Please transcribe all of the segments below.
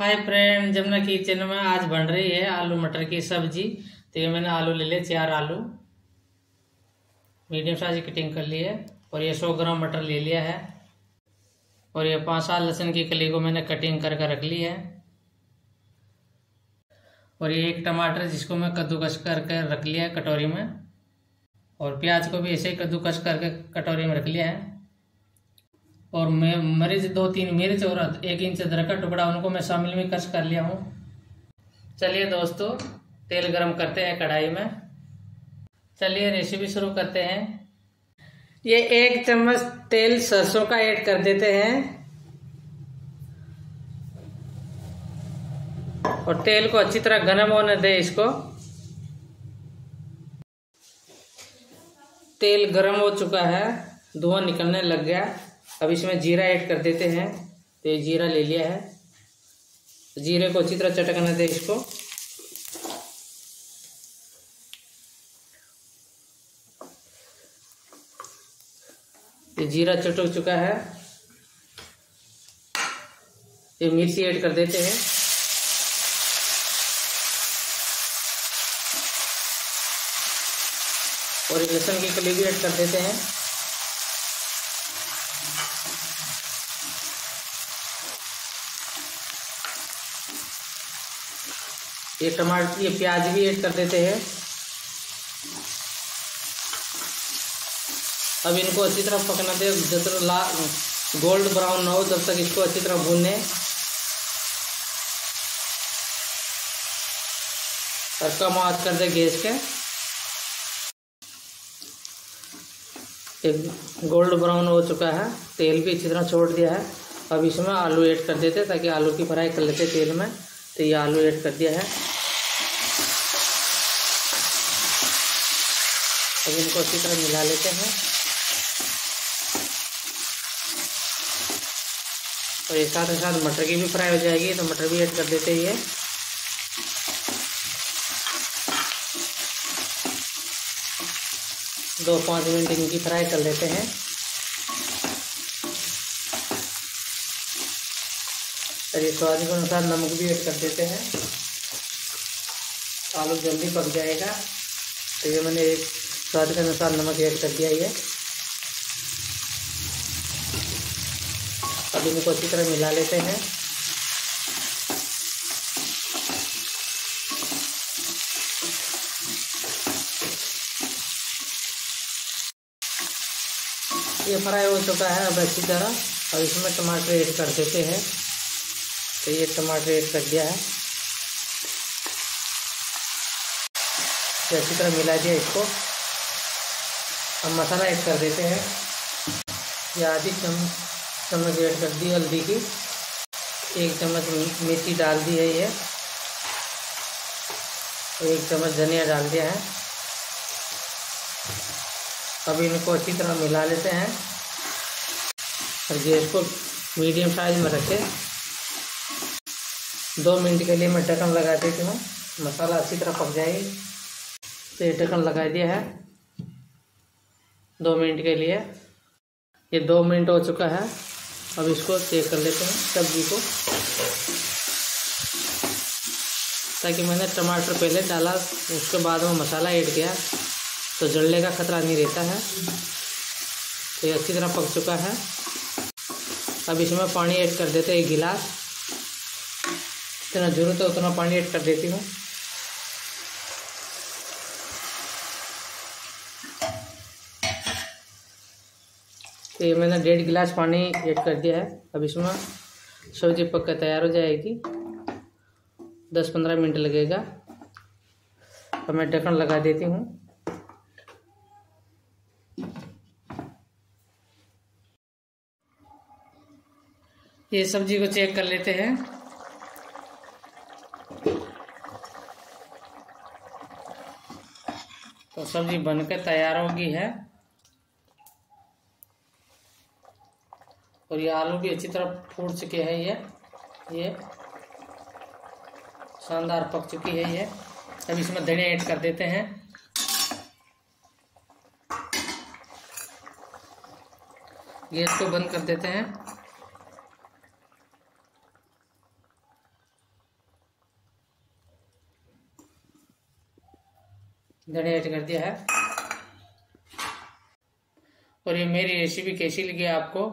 हाय friend Jamuna kitchen में आज बन रही है आलू मटर की सब्जी तो ये मैंने आलू ले लिया चार आलू मीडियम साइज कटिंग कर ली है और ये सौ ग्राम मटर ले लिया है और ये पाँच सात लहसुन की कली को मैंने कटिंग करके रख ली है और ये एक टमाटर जिसको मैं कद्दूकस करके रख लिया है कटोरी में और प्याज को भी ऐसे ही कद्दूकस करके कटोरी में रख लिया है और मैं मरीज दो तीन मिर्च और एक इंच अदरक का टुकड़ा उनको मैं शामिल में कश कर लिया हूँ चलिए दोस्तों तेल गरम करते हैं कढ़ाई में चलिए रेसिपी शुरू करते हैं ये एक चम्मच तेल सरसों का ऐड कर देते हैं और तेल को अच्छी तरह गर्म होने दे इसको तेल गरम हो चुका है धुआं निकलने लग गया अब इसमें जीरा ऐड कर देते हैं तो ये जीरा ले लिया है जीरे को अच्छी तरह चटकने दे इसको ये जीरा चटक चुका है ये मिर्ची ऐड कर देते हैं और लहसुन की कली भी ऐड कर देते हैं ये टमाटर ये प्याज भी ऐड कर देते हैं अब इनको अच्छी तरह पकना दे जब तक ला गोल्ड ब्राउन ना हो तब तक इसको अच्छी तरह भून लें और कम आज कर दे गैस के एक गोल्ड ब्राउन हो चुका है तेल भी अच्छी तरह छोड़ दिया है अब इसमें आलू ऐड कर देते ताकि आलू की फ्राई कर लेते तेल में तो ये आलू ऐड कर दिया है अब इनको अच्छी तरह मिला लेते हैं और ये साथ ही साथ मटर की भी फ्राई हो जाएगी तो मटर भी ऐड कर देते हैं दो पाँच मिनट इनकी फ्राई कर लेते हैं और ये स्वाद के अनुसार नमक भी ऐड कर देते हैं आलू जल्दी पक जाएगा तो ये मैंने एक स्वाद के अनुसार नमक ऐड कर दिया है अब इनको अच्छी तरह मिला लेते हैं ये फ्राई हो चुका है अब अच्छी तरह और इसमें टमाटर ऐड कर देते हैं तो ये टमाटर ऐड कर दिया है अच्छी तरह मिला दिया इसको हम मसाला ऐड कर देते हैं या आधी चम्मच चम्मच ऐड कर दी हल्दी की एक चम्मच मेथी डाल दी है ये एक चम्मच धनिया डाल दिया है अब इनको अच्छी तरह मिला लेते हैं और गैस को मीडियम साइज में रखें दो मिनट के लिए मैं ढक्कन लगा देती हूँ मसाला अच्छी तरह पक जाएगी तो ये ढक्कन लगा दिया है दो मिनट के लिए ये दो मिनट हो चुका है अब इसको चेक कर लेते हैं सब्जी को ताकि मैंने टमाटर पहले डाला उसके बाद में मसाला ऐड किया तो जलने का खतरा नहीं रहता है तो ये अच्छी तरह पक चुका है अब इसमें पानी ऐड कर देते हैं एक गिलास जितना ज़रूरत है उतना पानी ऐड कर देती हूँ तो ये मैंने डेढ़ गिलास पानी ऐड कर दिया है अब इसमें सब्जी पक कर तैयार हो जाएगी दस पंद्रह मिनट लगेगा अब तो मैं ढक्कन लगा देती हूँ ये सब्जी को चेक कर लेते हैं तो सब्जी बनकर तैयार होगी है और ये आलू भी अच्छी तरह फूट चुके हैं ये ये शानदार पक चुकी है ये अब इसमें धनिया ऐड कर देते हैं गैस को बंद कर देते हैं धनिया ऐड कर दिया है और ये मेरी रेसिपी कैसी लगी आपको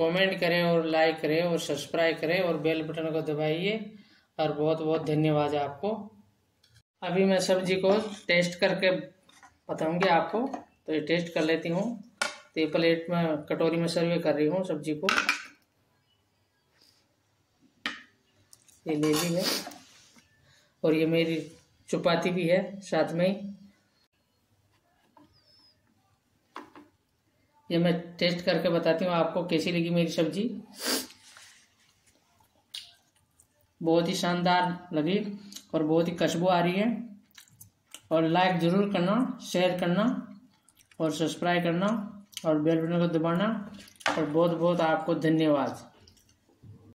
कमेंट करें और लाइक करें और सब्सक्राइब करें और बेल बटन को दबाइए और बहुत बहुत धन्यवाद आपको अभी मैं सब्जी को टेस्ट करके बताऊंगी आपको तो ये टेस्ट कर लेती हूँ तो ये प्लेट में कटोरी में सर्वे कर रही हूँ सब्जी को ये ले ली है और ये मेरी चुपाती भी है साथ में ही ये मैं टेस्ट करके बताती हूँ आपको कैसी लगी मेरी सब्जी बहुत ही शानदार लगी और बहुत ही खुशबू आ रही है और लाइक ज़रूर करना शेयर करना और सब्सक्राइब करना और बेल बटन को दबाना और बहुत बहुत आपको धन्यवाद